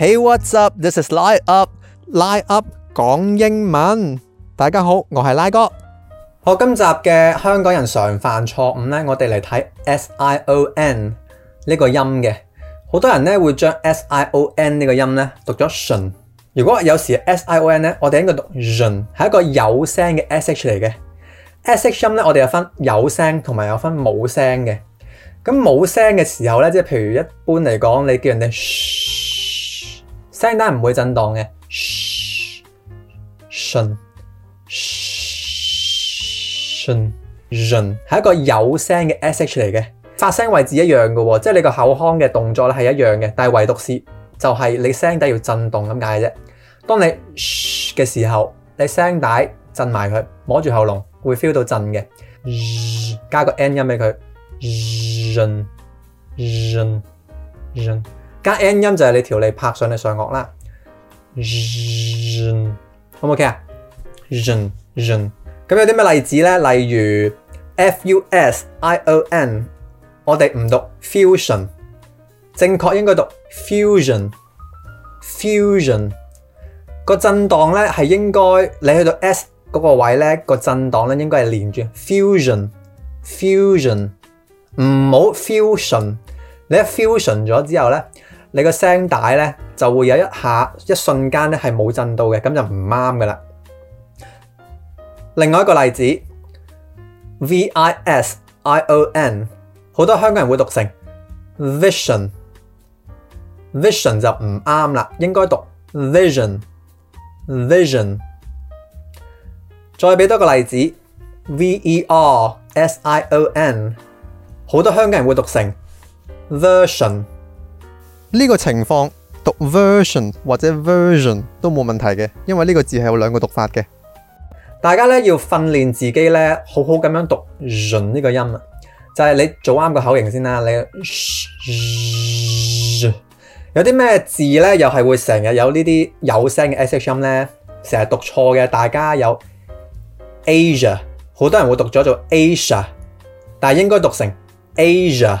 Hey, what's up? This is Lai UP. Lai UP 講英文，大家好，我係拉哥。我今集嘅香港人常犯錯誤咧，我哋嚟睇 sion 呢個音嘅。好多人咧會將 sion 呢個音咧讀咗純。如果有時 sion 咧，我哋應該讀潤，係一個有聲嘅 sh 嚟嘅。sh 音咧，我哋有分有聲同埋有分冇聲嘅。咁冇聲嘅時候咧，即係譬如一般嚟講，你叫人哋。聲帶唔會震盪嘅，shun shun shun 係一個有聲嘅 sh 嚟嘅，發聲位置一樣喎。即係你個口腔嘅動作咧係一樣嘅，但係唯獨是就係你聲帶要震動咁解啫。當你 sh 嘅時候，你聲帶震埋佢，摸住喉嚨會 feel 到震嘅，加個 n 音俾佢，run run run。加 n 音就係你條脷拍上你上腭啦，run run，好唔好 OK 啊？run run，咁有啲咩例子咧？例如 fus ion，我哋唔讀 fusion，正確應該讀 fusion，fusion。個震盪咧係應該你去到 s 嗰個位咧，個震盪咧應該係連住 fusion，fusion，唔好 fusion。你一 Fusion 咗之後咧，你個聲帶咧就會有一下一瞬間咧係冇震到嘅，咁就唔啱噶啦。另外一個例子，Vision，好多香港人會讀成 Vision，Vision 就唔啱啦，應該讀 Vision，Vision。再俾多個例子，Version，好多香港人會讀成。version 呢，這個情況讀 version 或者 version 都冇問題嘅，因為呢個字係有兩個讀法嘅。大家咧要訓練自己咧，好好咁樣讀潤呢個音啊！就係，是，你做啱個口型先啦。你有啲咩字咧，又係會成日有呢啲有聲嘅 sh 音咧，成日讀錯嘅。大家有 Asia，好多人會讀咗做 Asia，但係應該讀成 Asia。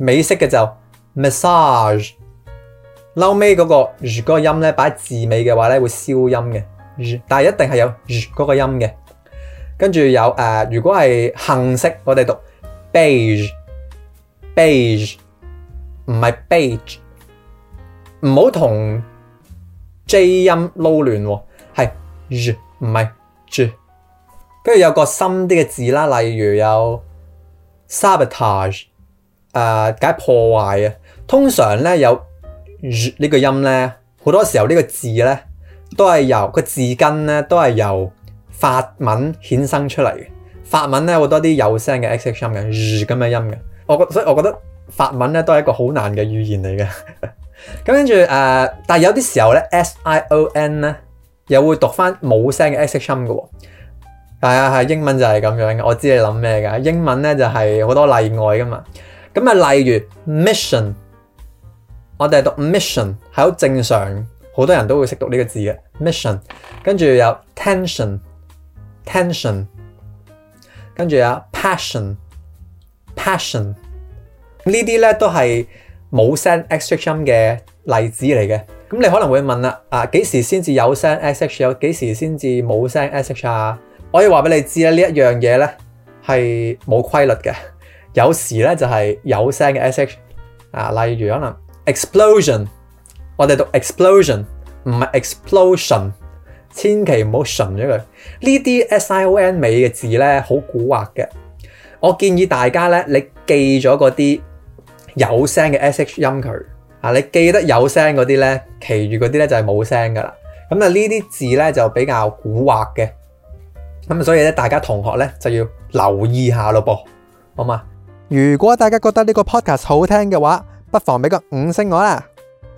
美式嘅就 massage，撈尾嗰個嗰個音咧，擺字尾嘅話咧會消音嘅，但一定係有嗰個音嘅。跟住有誒、呃，如果係杏色，我哋讀 beige，beige 唔係 beige，唔好同 j 音撈亂喎，係唔係 j？跟住有個深啲嘅字啦，例如有 sabotage。誒、uh, 解破壞嘅，通常咧有呢、這個音咧，好多時候呢個字咧，都係由個字根咧，都係由法文衍生出嚟嘅。法文咧好多啲有聲嘅 X 音嘅，咁嘅音嘅。我覺所以我覺得法文咧都係一個好難嘅語言嚟嘅。咁 跟住、uh, 但有啲時候咧，S I O N 咧又會讀返冇聲嘅 X 音嘅喎。但係啊係，英文就係咁樣嘅。我知你諗咩㗎？英文咧就係好多例外㗎嘛。咁啊，例如 mission，我哋讀 mission 係好正常，好多人都會識讀呢個字嘅 mission。跟住有 tension，tension，Tension 跟住啊 passion，passion。Passion, Passion 這些呢啲咧都係冇聲 sh 音嘅例子嚟嘅。咁你可能會問啦，啊幾時先至有聲 sh？有幾時先至冇聲 sh 啊？我可以話俾你知啦，一東西呢一樣嘢咧係冇規律嘅。有時咧就係有聲嘅 sh 啊，例如可能 explosion，我哋讀 explosion，唔係 explosion，千祈唔好純咗佢呢啲 s i o n 尾嘅字咧，好古惑嘅。我建議大家咧，你記咗嗰啲有聲嘅 sh 音佢啊，你記得有聲嗰啲咧，其餘嗰啲咧就係冇聲噶啦。咁啊，呢啲字咧就比較古惑嘅，咁所以咧大家同學咧就要留意一下咯，噃好嘛？如果大家覺得呢個 podcast 好聽嘅話，不妨俾個五星我啦，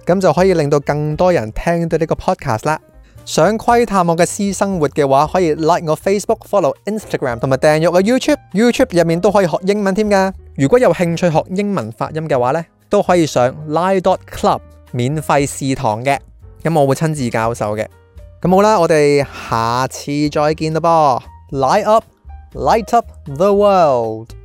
咁就可以令到更多人聽到呢個 podcast 啦。想窺探我嘅私生活嘅話，可以 like 我 Facebook、follow Instagram 同埋訂閱我 YouTube。YouTube 入面都可以學英文添㗎。如果有興趣學英文發音嘅話呢，都可以上 Lai Dot Club 免費試堂嘅，咁我會親自教授嘅。咁好啦，我哋下次再見啦噃。Light up，light up the world。